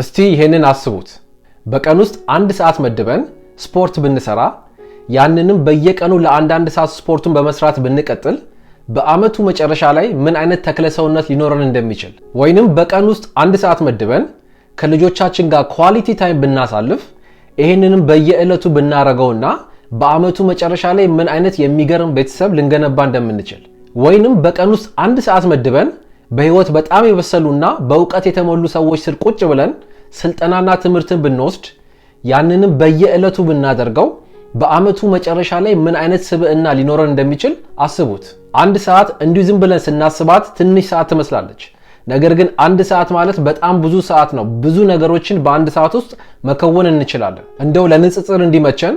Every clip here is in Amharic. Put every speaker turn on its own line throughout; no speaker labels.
እስቲ ይሄንን አስቡት። በቀን ውስጥ አንድ ሰዓት መድበን ስፖርት ብንሰራ ያንንም በየቀኑ ለአንዳንድ ሰዓት ስፖርቱን በመስራት ብንቀጥል በአመቱ መጨረሻ ላይ ምን አይነት ተክለ ሰውነት ሊኖረን እንደሚችል ወይንም በቀን ውስጥ አንድ ሰዓት መድበን ከልጆቻችን ጋር ኳሊቲ ታይም ብናሳልፍ ይህንንም በየዕለቱ ብናረገውና በአመቱ መጨረሻ ላይ ምን አይነት የሚገርም ቤተሰብ ልንገነባ እንደምንችል ወይንም በቀን ውስጥ አንድ ሰዓት መድበን በህይወት በጣም የበሰሉና በእውቀት የተሞሉ ሰዎች ስር ቁጭ ብለን ስልጠናና ትምህርትን ብንወስድ ያንንም በየዕለቱ ብናደርገው በአመቱ መጨረሻ ላይ ምን አይነት ስብዕና ሊኖረን እንደሚችል አስቡት። አንድ ሰዓት እንዲሁ ዝም ብለን ስናስባት ትንሽ ሰዓት ትመስላለች። ነገር ግን አንድ ሰዓት ማለት በጣም ብዙ ሰዓት ነው። ብዙ ነገሮችን በአንድ ሰዓት ውስጥ መከወን እንችላለን። እንደው ለንጽጽር እንዲመቸን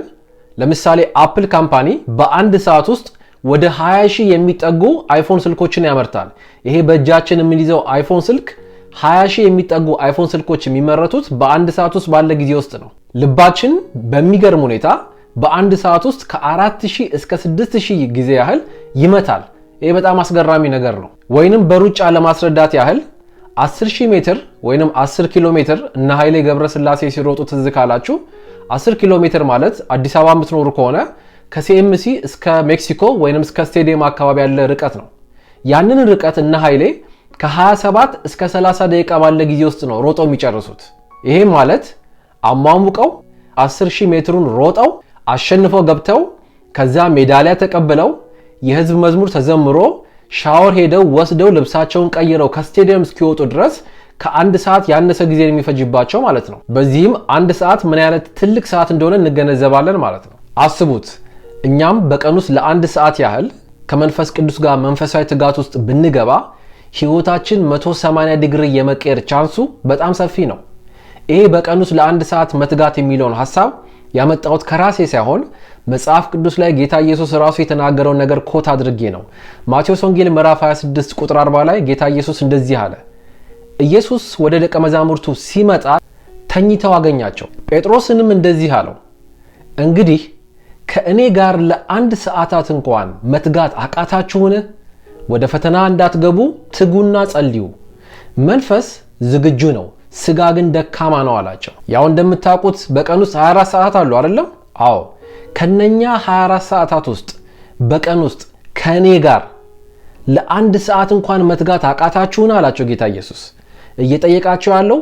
ለምሳሌ አፕል ካምፓኒ በአንድ ሰዓት ውስጥ ወደ 20 ሺህ የሚጠጉ አይፎን ስልኮችን ያመርታል። ይሄ በእጃችን የምንይዘው አይፎን ስልክ 20 ሺህ የሚጠጉ አይፎን ስልኮች የሚመረቱት በአንድ ሰዓት ውስጥ ባለ ጊዜ ውስጥ ነው። ልባችን በሚገርም ሁኔታ በአንድ ሰዓት ውስጥ ከ4000 እስከ 6000 ጊዜ ያህል ይመታል። ይህ በጣም አስገራሚ ነገር ነው። ወይንም በሩጫ ለማስረዳት ያህል 10000 ሜትር ወይንም 10 ኪሎ ሜትር እና ኃይሌ ገብረስላሴ ሲሮጡ ትዝ ካላችሁ 10 ኪሎ ሜትር ማለት አዲስ አበባ የምትኖሩ ከሆነ ከሲኤምሲ እስከ ሜክሲኮ ወይም እስከ ስቴዲየም አካባቢ ያለ ርቀት ነው። ያንን ርቀት እነ ኃይሌ ከ27 እስከ 30 ደቂቃ ባለ ጊዜ ውስጥ ነው ሮጦ የሚጨርሱት። ይሄ ማለት አሟሙቀው 10000 ሜትሩን ሮጠው አሸንፈው ገብተው ከዛ ሜዳሊያ ተቀብለው የህዝብ መዝሙር ተዘምሮ ሻወር ሄደው ወስደው ልብሳቸውን ቀይረው ከስቴዲየም እስኪወጡ ድረስ ከአንድ ሰዓት ያነሰ ጊዜ የሚፈጅባቸው ማለት ነው። በዚህም አንድ ሰዓት ምን አይነት ትልቅ ሰዓት እንደሆነ እንገነዘባለን ማለት ነው። አስቡት እኛም በቀን ውስጥ ለአንድ ሰዓት ያህል ከመንፈስ ቅዱስ ጋር መንፈሳዊ ትጋት ውስጥ ብንገባ ህይወታችን 180 ዲግሪ የመቀየር ቻንሱ በጣም ሰፊ ነው። ይሄ በቀን ውስጥ ለአንድ ሰዓት መትጋት የሚለውን ሀሳብ ያመጣሁት ከራሴ ሳይሆን መጽሐፍ ቅዱስ ላይ ጌታ ኢየሱስ ራሱ የተናገረውን ነገር ኮት አድርጌ ነው። ማቴዎስ ወንጌል ምዕራፍ 26 ቁጥር 40 ላይ ጌታ ኢየሱስ እንደዚህ አለ። ኢየሱስ ወደ ደቀ መዛሙርቱ ሲመጣ ተኝተው አገኛቸው። ጴጥሮስንም እንደዚህ አለው፣ እንግዲህ ከእኔ ጋር ለአንድ ሰዓታት እንኳን መትጋት አቃታችሁን? ወደ ፈተና እንዳትገቡ ትጉና ጸልዩ። መንፈስ ዝግጁ ነው፣ ስጋ ግን ደካማ ነው አላቸው። ያው እንደምታውቁት በቀን ውስጥ 24 ሰዓት አሉ አይደለም? አዎ። ከነኛ 24 ሰዓታት ውስጥ በቀን ውስጥ ከእኔ ጋር ለአንድ ሰዓት እንኳን መትጋት አቃታችሁን? አላቸው ጌታ ኢየሱስ። እየጠየቃቸው ያለው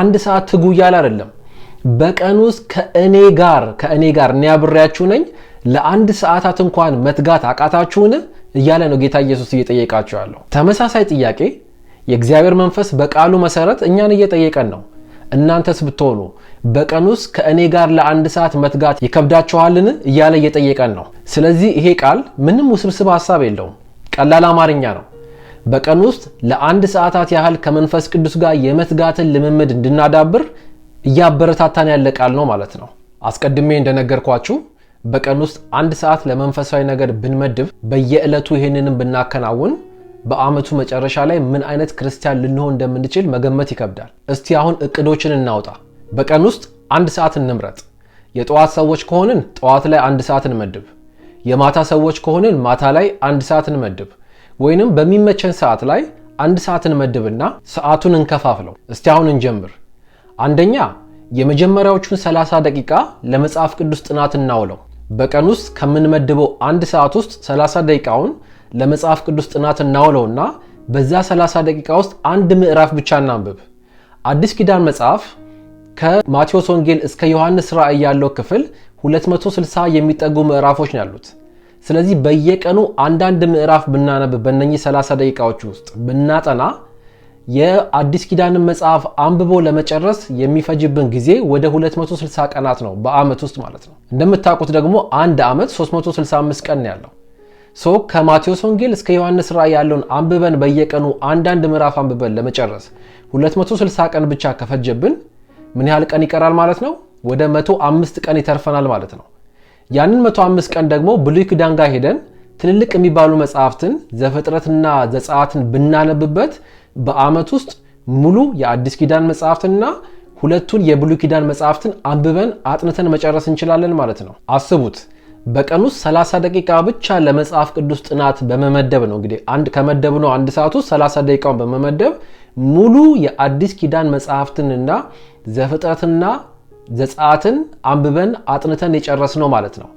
አንድ ሰዓት ትጉ እያለ አይደለም በቀን ውስጥ ከእኔ ጋር ከእኔ ጋር እኔ አብሬያችሁ ነኝ ለአንድ ሰዓታት እንኳን መትጋት አቃታችሁን እያለ ነው ጌታ ኢየሱስ እየጠየቃቸው ያለው። ተመሳሳይ ጥያቄ የእግዚአብሔር መንፈስ በቃሉ መሰረት እኛን እየጠየቀን ነው። እናንተስ ብትሆኑ በቀን ውስጥ ከእኔ ጋር ለአንድ ሰዓት መትጋት ይከብዳችኋልን እያለ እየጠየቀን ነው። ስለዚህ ይሄ ቃል ምንም ውስብስብ ሀሳብ የለውም፣ ቀላል አማርኛ ነው። በቀን ውስጥ ለአንድ ሰዓታት ያህል ከመንፈስ ቅዱስ ጋር የመትጋትን ልምምድ እንድናዳብር እያበረታታን ያለ ቃል ነው ማለት ነው። አስቀድሜ እንደነገርኳችሁ በቀን ውስጥ አንድ ሰዓት ለመንፈሳዊ ነገር ብንመድብ፣ በየዕለቱ ይህንንም ብናከናውን በአመቱ መጨረሻ ላይ ምን አይነት ክርስቲያን ልንሆን እንደምንችል መገመት ይከብዳል። እስቲ አሁን እቅዶችን እናውጣ። በቀን ውስጥ አንድ ሰዓት እንምረጥ። የጠዋት ሰዎች ከሆንን ጠዋት ላይ አንድ ሰዓት እንመድብ። የማታ ሰዎች ከሆንን ማታ ላይ አንድ ሰዓት እንመድብ። ወይንም በሚመቸን ሰዓት ላይ አንድ ሰዓት እንመድብና ሰዓቱን እንከፋፍለው። እስቲ አሁን እንጀምር። አንደኛ የመጀመሪያዎቹን 30 ደቂቃ ለመጽሐፍ ቅዱስ ጥናት እናውለው። በቀን ውስጥ ከምንመድበው አንድ ሰዓት ውስጥ 30 ደቂቃውን ለመጽሐፍ ቅዱስ ጥናት እናውለውና በዛ 30 ደቂቃ ውስጥ አንድ ምዕራፍ ብቻ እናንብብ። አዲስ ኪዳን መጽሐፍ ከማቴዎስ ወንጌል እስከ ዮሐንስ ራእይ ያለው ክፍል 260 የሚጠጉ ምዕራፎች ነው ያሉት። ስለዚህ በየቀኑ አንዳንድ ምዕራፍ ብናነብ በእነኚህ 30 ደቂቃዎች ውስጥ ብናጠና የአዲስ ኪዳንን መጽሐፍ አንብቦ ለመጨረስ የሚፈጅብን ጊዜ ወደ 260 ቀናት ነው፣ በአመት ውስጥ ማለት ነው። እንደምታውቁት ደግሞ አንድ አመት 365 ቀን ያለው ሰው ከማቴዎስ ወንጌል እስከ ዮሐንስ ራእይ ያለውን አንብበን በየቀኑ አንዳንድ ምዕራፍ አንብበን ለመጨረስ 260 ቀን ብቻ ከፈጀብን ምን ያህል ቀን ይቀራል ማለት ነው? ወደ 105 ቀን ይተርፈናል ማለት ነው። ያንን 105 ቀን ደግሞ ብሉይ ኪዳን ጋር ሄደን ትልልቅ የሚባሉ መጽሐፍትን ዘፍጥረትና ዘጸአትን ብናነብበት በአመት ውስጥ ሙሉ የአዲስ ኪዳን መጽሐፍትንና ሁለቱን የብሉይ ኪዳን መጽሐፍትን አንብበን አጥንተን መጨረስ እንችላለን ማለት ነው። አስቡት በቀን ውስጥ 30 ደቂቃ ብቻ ለመጽሐፍ ቅዱስ ጥናት በመመደብ ነው እንግዲህ አንድ ከመደብ ነው አንድ ሰዓት ውስጥ 30 ደቂቃውን በመመደብ ሙሉ የአዲስ ኪዳን መጽሐፍትንና ዘፍጥረትና ዘጸአትን አንብበን አጥንተን የጨረስ ነው ማለት ነው።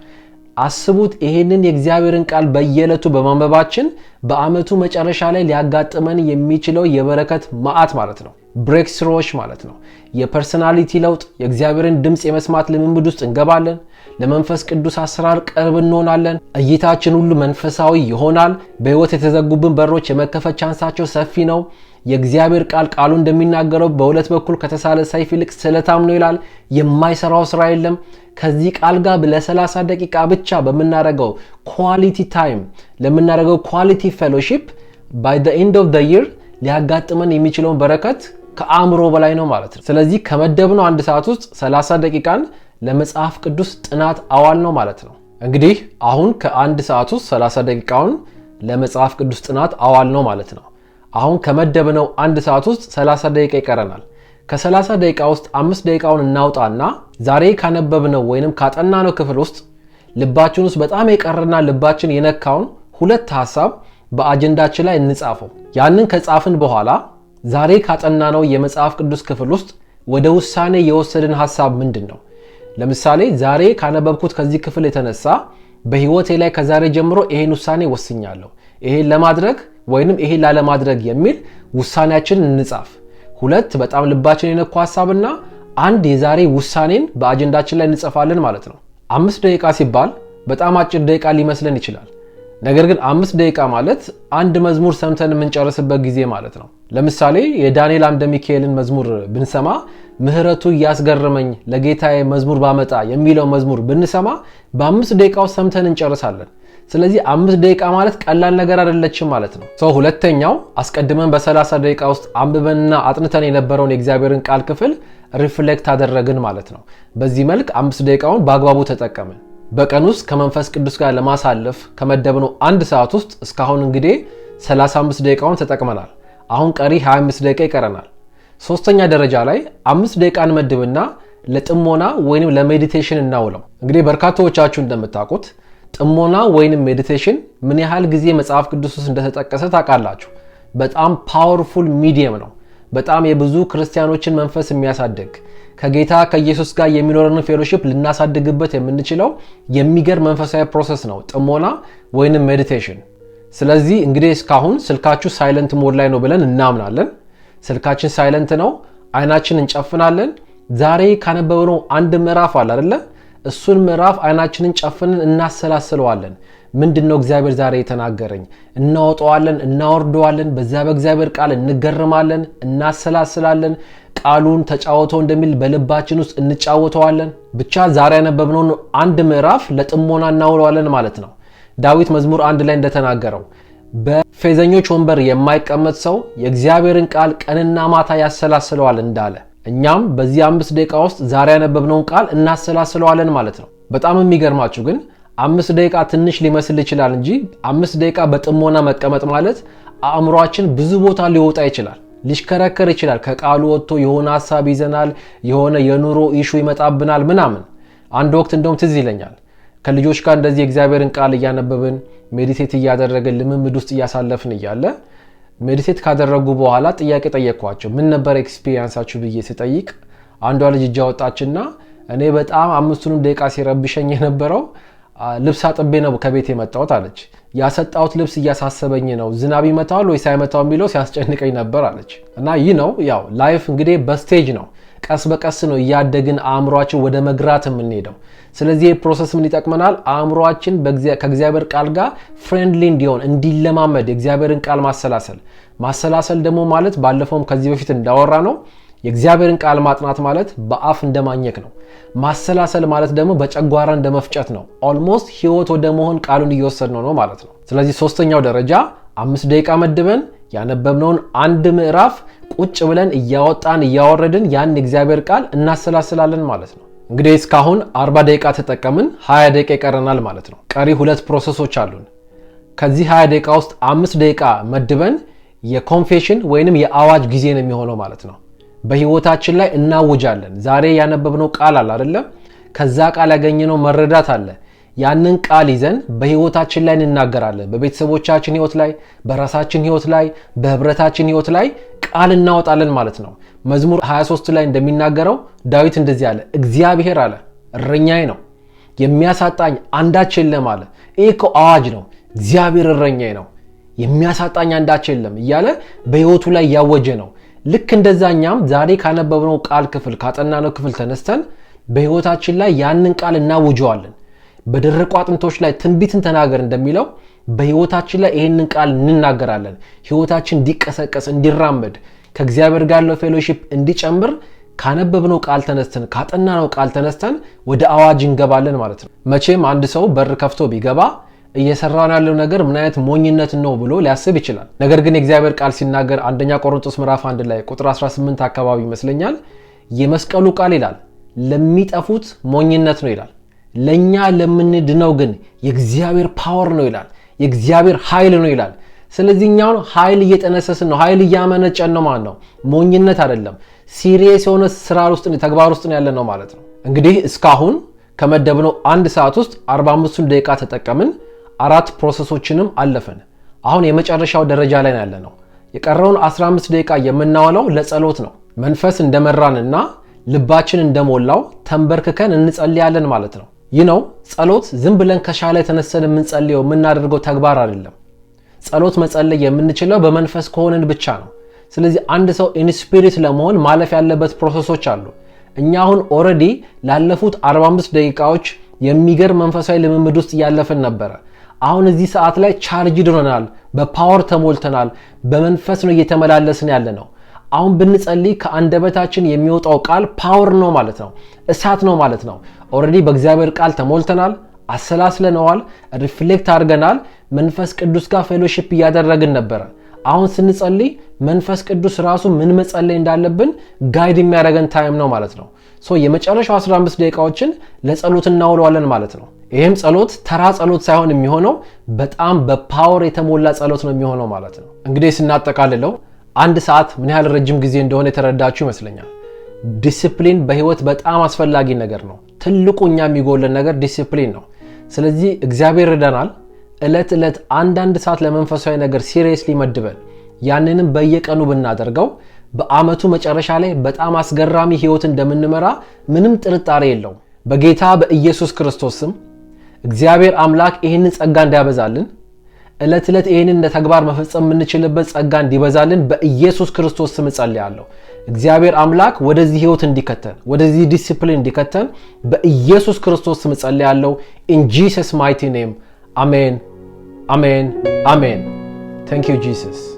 አስቡት ይሄንን የእግዚአብሔርን ቃል በየዕለቱ በማንበባችን በአመቱ መጨረሻ ላይ ሊያጋጥመን የሚችለው የበረከት መዓት ማለት ነው። ብሬክ ማለት ነው። የፐርሰናሊቲ ለውጥ፣ የእግዚአብሔርን ድምፅ የመስማት ልምምድ ውስጥ እንገባለን። ለመንፈስ ቅዱስ አሰራር ቅርብ እንሆናለን። እይታችን ሁሉ መንፈሳዊ ይሆናል። በሕይወት የተዘጉብን በሮች የመከፈት ቻንሳቸው ሰፊ ነው። የእግዚአብሔር ቃል ቃሉ እንደሚናገረው በሁለት በኩል ከተሳለ ሰይፍ ይልቅ ስለታም ነው ይላል። የማይሰራው ስራ የለም። ከዚህ ቃል ጋር ለ30 ደቂቃ ብቻ በምናደርገው ኳሊቲ ታይም ለምናደርገው ኳሊቲ ፌሎሺፕ ባይ ዘ ኤንድ ኦፍ ዘ ይር ሊያጋጥመን የሚችለውን በረከት ከአእምሮ በላይ ነው ማለት ነው። ስለዚህ ከመደብነው አንድ ሰዓት ውስጥ 30 ደቂቃን ለመጽሐፍ ቅዱስ ጥናት አዋል ነው ማለት ነው። እንግዲህ አሁን ከአንድ ሰዓት ውስጥ 30 ደቂቃውን ለመጽሐፍ ቅዱስ ጥናት አዋል ነው ማለት ነው። አሁን ከመደብነው አንድ ሰዓት ውስጥ 30 ደቂቃ ይቀረናል። ከ30 ደቂቃ ውስጥ አምስት ደቂቃውን እናውጣና ዛሬ ካነበብነው ወይንም ካጠናነው ክፍል ውስጥ ልባችን ውስጥ በጣም የቀረና ልባችን የነካውን ሁለት ሀሳብ በአጀንዳችን ላይ እንጻፈው። ያንን ከጻፍን በኋላ ዛሬ ካጠናነው የመጽሐፍ ቅዱስ ክፍል ውስጥ ወደ ውሳኔ የወሰድን ሀሳብ ምንድን ነው? ለምሳሌ ዛሬ ካነበብኩት ከዚህ ክፍል የተነሳ በህይወቴ ላይ ከዛሬ ጀምሮ ይሄን ውሳኔ ወስኛለሁ፣ ይሄን ለማድረግ ወይንም ይሄን ላለማድረግ የሚል ውሳኔያችንን እንጻፍ። ሁለት በጣም ልባችን የነኩ ሀሳብና አንድ የዛሬ ውሳኔን በአጀንዳችን ላይ እንጽፋለን ማለት ነው። አምስት ደቂቃ ሲባል በጣም አጭር ደቂቃ ሊመስለን ይችላል። ነገር ግን አምስት ደቂቃ ማለት አንድ መዝሙር ሰምተን የምንጨርስበት ጊዜ ማለት ነው። ለምሳሌ የዳንኤል አምደ ሚካኤልን መዝሙር ብንሰማ ምህረቱ እያስገረመኝ ለጌታዬ መዝሙር ባመጣ የሚለው መዝሙር ብንሰማ በአምስት ደቂቃ ውስጥ ሰምተን እንጨርሳለን። ስለዚህ አምስት ደቂቃ ማለት ቀላል ነገር አይደለችም ማለት ነው። ሰው ሁለተኛው አስቀድመን በ 0 ደቂቃ ውስጥ አንብበንና አጥንተን የነበረውን የእግዚአብሔርን ቃል ክፍል ሪፍሌክት አደረግን ማለት ነው። በዚህ መልክ አምስት ደቂቃውን በአግባቡ ተጠቀምን። በቀን ውስጥ ከመንፈስ ቅዱስ ጋር ለማሳለፍ ከመደብነው አንድ ሰዓት ውስጥ እስካሁን እንግዲህ 35 ደቂቃውን ተጠቅመናል። አሁን ቀሪ 25 ደቂቃ ይቀረናል። ሶስተኛ ደረጃ ላይ አምስት ደቂቃ እንመድብና ለጥሞና ወይንም ለሜዲቴሽን እናውለው። እንግዲህ በርካታዎቻችሁ እንደምታውቁት ጥሞና ወይንም ሜዲቴሽን ምን ያህል ጊዜ መጽሐፍ ቅዱስ ውስጥ እንደተጠቀሰ ታውቃላችሁ። በጣም ፓወርፉል ሚዲየም ነው። በጣም የብዙ ክርስቲያኖችን መንፈስ የሚያሳድግ ከጌታ ከኢየሱስ ጋር የሚኖረንን ፌሎሽፕ ልናሳድግበት የምንችለው የሚገርም መንፈሳዊ ፕሮሰስ ነው፣ ጥሞና ወይንም ሜዲቴሽን። ስለዚህ እንግዲህ እስካሁን ስልካችሁ ሳይለንት ሞድ ላይ ነው ብለን እናምናለን። ስልካችን ሳይለንት ነው፣ አይናችን እንጨፍናለን። ዛሬ ካነበብነው አንድ ምዕራፍ አለ አደለም እሱን ምዕራፍ አይናችንን ጨፍንን እናሰላስለዋለን። ምንድን ነው እግዚአብሔር ዛሬ የተናገረኝ? እናወጠዋለን፣ እናወርደዋለን። በዚያ በእግዚአብሔር ቃል እንገርማለን፣ እናሰላስላለን። ቃሉን ተጫወተው እንደሚል በልባችን ውስጥ እንጫወተዋለን። ብቻ ዛሬ ያነበብነውን አንድ ምዕራፍ ለጥሞና እናውለዋለን ማለት ነው። ዳዊት መዝሙር አንድ ላይ እንደተናገረው በፌዘኞች ወንበር የማይቀመጥ ሰው የእግዚአብሔርን ቃል ቀንና ማታ ያሰላስለዋል እንዳለ እኛም በዚህ አምስት ደቂቃ ውስጥ ዛሬ ያነበብነውን ቃል እናሰላስለዋለን ማለት ነው። በጣም የሚገርማችሁ ግን አምስት ደቂቃ ትንሽ ሊመስል ይችላል እንጂ አምስት ደቂቃ በጥሞና መቀመጥ ማለት አእምሯችን ብዙ ቦታ ሊወጣ ይችላል፣ ሊሽከረከር ይችላል። ከቃሉ ወጥቶ የሆነ ሀሳብ ይዘናል፣ የሆነ የኑሮ ኢሹ ይመጣብናል ምናምን። አንድ ወቅት እንደውም ትዝ ይለኛል ከልጆች ጋር እንደዚህ የእግዚአብሔርን ቃል እያነበብን ሜዲቴት እያደረግን ልምምድ ውስጥ እያሳለፍን እያለ ሜዲቴት ካደረጉ በኋላ ጥያቄ ጠየቅኳቸው። ምን ነበር ኤክስፒሪያንሳችሁ ብዬ ስጠይቅ አንዷ ልጅ እጃ ወጣችና እኔ በጣም አምስቱንም ደቂቃ ሲረብሸኝ የነበረው ልብስ አጥቤ ነው ከቤት የመጣሁት አለች። ያሰጣሁት ልብስ እያሳሰበኝ ነው፣ ዝናብ ይመታዋል ወይስ አይመታው የሚለው ሲያስጨንቀኝ ነበር አለች። እና ይህ ነው ያው ላይፍ እንግዲህ በስቴጅ ነው ቀስ በቀስ ነው እያደግን አእምሯችን ወደ መግራት የምንሄደው። ስለዚህ ፕሮሰስ ምን ይጠቅመናል? አእምሯችን ከእግዚአብሔር ቃል ጋር ፍሬንድሊ እንዲሆን እንዲለማመድ የእግዚአብሔርን ቃል ማሰላሰል ማሰላሰል ደግሞ ማለት ባለፈውም ከዚህ በፊት እንዳወራ ነው የእግዚአብሔርን ቃል ማጥናት ማለት በአፍ እንደማኘክ ነው። ማሰላሰል ማለት ደግሞ በጨጓራ እንደመፍጨት ነው። ኦልሞስት ህይወት ወደ መሆን ቃሉን እየወሰድነው ነው ማለት ነው። ስለዚህ ሶስተኛው ደረጃ አምስት ደቂቃ መድበን ያነበብነውን አንድ ምዕራፍ ቁጭ ብለን እያወጣን እያወረድን ያን እግዚአብሔር ቃል እናሰላስላለን ማለት ነው። እንግዲህ እስካሁን 40 ደቂቃ ተጠቀምን፣ 20 ደቂቃ ይቀረናል ማለት ነው። ቀሪ ሁለት ፕሮሰሶች አሉን። ከዚህ 20 ደቂቃ ውስጥ አምስት ደቂቃ መድበን የኮንፌሽን ወይንም የአዋጅ ጊዜ ነው የሚሆነው ማለት ነው። በህይወታችን ላይ እናውጃለን። ዛሬ ያነበብነው ቃል አለ አይደለም? ከዛ ቃል ያገኘነው መረዳት አለ። ያንን ቃል ይዘን በህይወታችን ላይ እንናገራለን። በቤተሰቦቻችን ህይወት ላይ፣ በራሳችን ህይወት ላይ፣ በህብረታችን ህይወት ላይ ቃል እናወጣለን ማለት ነው። መዝሙር 23 ላይ እንደሚናገረው ዳዊት እንደዚህ አለ፣ እግዚአብሔር አለ እረኛዬ ነው የሚያሳጣኝ አንዳች የለም አለ። ይህ እኮ አዋጅ ነው። እግዚአብሔር እረኛዬ ነው የሚያሳጣኝ አንዳች የለም እያለ በሕይወቱ ላይ እያወጀ ነው። ልክ እንደዛ ዛሬ ካነበብነው ቃል ክፍል ካጠናነው ክፍል ተነስተን በሕይወታችን ላይ ያንን ቃል እናውጀዋለን። በደረቁ አጥንቶች ላይ ትንቢትን ተናገር እንደሚለው በህይወታችን ላይ ይህንን ቃል እንናገራለን። ህይወታችን እንዲቀሰቀስ፣ እንዲራመድ፣ ከእግዚአብሔር ጋር ያለው ፌሎሺፕ እንዲጨምር ካነበብነው ቃል ተነስተን ካጠናነው ቃል ተነስተን ወደ አዋጅ እንገባለን ማለት ነው። መቼም አንድ ሰው በር ከፍቶ ቢገባ እየሰራን ያለው ነገር ምን አይነት ሞኝነት ነው ብሎ ሊያስብ ይችላል። ነገር ግን የእግዚአብሔር ቃል ሲናገር አንደኛ ቆሮንቶስ ምዕራፍ 1 ላይ ቁጥር 18 አካባቢ ይመስለኛል የመስቀሉ ቃል ይላል ለሚጠፉት ሞኝነት ነው ይላል። ለእኛ ለምንድነው ግን የእግዚአብሔር ፓወር ነው ይላል። የእግዚአብሔር ኃይል ነው ይላል። ስለዚህ እኛውን ኃይል እየጠነሰስን ነው፣ ኃይል እያመነጨን ነው ማለት ነው። ሞኝነት አይደለም። ሲሪየስ የሆነ ስራ ውስጥ ተግባር ውስጥ ያለ ነው ማለት ነው። እንግዲህ እስካሁን ከመደብነው አንድ ሰዓት ውስጥ 45 ደቂቃ ተጠቀምን። አራት ፕሮሰሶችንም አለፍን። አሁን የመጨረሻው ደረጃ ላይ ያለ ነው። የቀረውን 15 ደቂቃ የምናውለው ለጸሎት ነው። መንፈስ እንደመራንና ልባችን እንደሞላው ተንበርክከን እንጸልያለን ማለት ነው። ይህ ነው ጸሎት ዝም ብለን ከሻለ የተነሰን የምንጸልየው የምናደርገው ተግባር አይደለም። ጸሎት መጸለይ የምንችለው በመንፈስ ከሆንን ብቻ ነው። ስለዚህ አንድ ሰው ኢንስፒሪት ለመሆን ማለፍ ያለበት ፕሮሰሶች አሉ። እኛ አሁን ኦረዲ ላለፉት 45 ደቂቃዎች የሚገርም መንፈሳዊ ልምምድ ውስጥ እያለፍን ነበረ። አሁን እዚህ ሰዓት ላይ ቻርጅ ሆነናል፣ በፓወር ተሞልተናል፣ በመንፈስ ነው እየተመላለስን ያለ ነው። አሁን ብንጸልይ ከአንደበታችን የሚወጣው ቃል ፓወር ነው ማለት ነው፣ እሳት ነው ማለት ነው። ኦልሬዲ በእግዚአብሔር ቃል ተሞልተናል፣ አሰላስለነዋል፣ ሪፍሌክት አድርገናል። መንፈስ ቅዱስ ጋር ፌሎሺፕ እያደረግን ነበረ። አሁን ስንጸልይ መንፈስ ቅዱስ ራሱ ምን መጸለይ እንዳለብን ጋይድ የሚያደርገን ታይም ነው ማለት ነው። ሶ የመጨረሻው 15 ደቂቃዎችን ለጸሎት እናውለዋለን ማለት ነው። ይህም ጸሎት ተራ ጸሎት ሳይሆን የሚሆነው በጣም በፓወር የተሞላ ጸሎት ነው የሚሆነው ማለት ነው። እንግዲህ ስናጠቃልለው አንድ ሰዓት ምን ያህል ረጅም ጊዜ እንደሆነ የተረዳችሁ ይመስለኛል። ዲስፕሊን በህይወት በጣም አስፈላጊ ነገር ነው። ትልቁ እኛ የሚጎለን ነገር ዲስፕሊን ነው። ስለዚህ እግዚአብሔር ረዳናል። እለት ዕለት አንዳንድ ሰዓት ለመንፈሳዊ ነገር ሲሪየስሊ መድበን ያንንም በየቀኑ ብናደርገው በአመቱ መጨረሻ ላይ በጣም አስገራሚ ህይወት እንደምንመራ ምንም ጥርጣሬ የለውም። በጌታ በኢየሱስ ክርስቶስ ስም እግዚአብሔር አምላክ ይህንን ጸጋ እንዲያበዛልን ዕለት ዕለት ይህንን እንደ ተግባር መፈጸም የምንችልበት ጸጋ እንዲበዛልን በኢየሱስ ክርስቶስ ስም ጸልያለሁ። እግዚአብሔር አምላክ ወደዚህ ህይወት እንዲከተን፣ ወደዚህ ዲሲፕሊን እንዲከተን በኢየሱስ ክርስቶስ ስም ጸልያለሁ። ኢን ጂሰስ ማይቲ ኔም አሜን፣ አሜን፣ አሜን። ታንክ ዩ ጂሰስ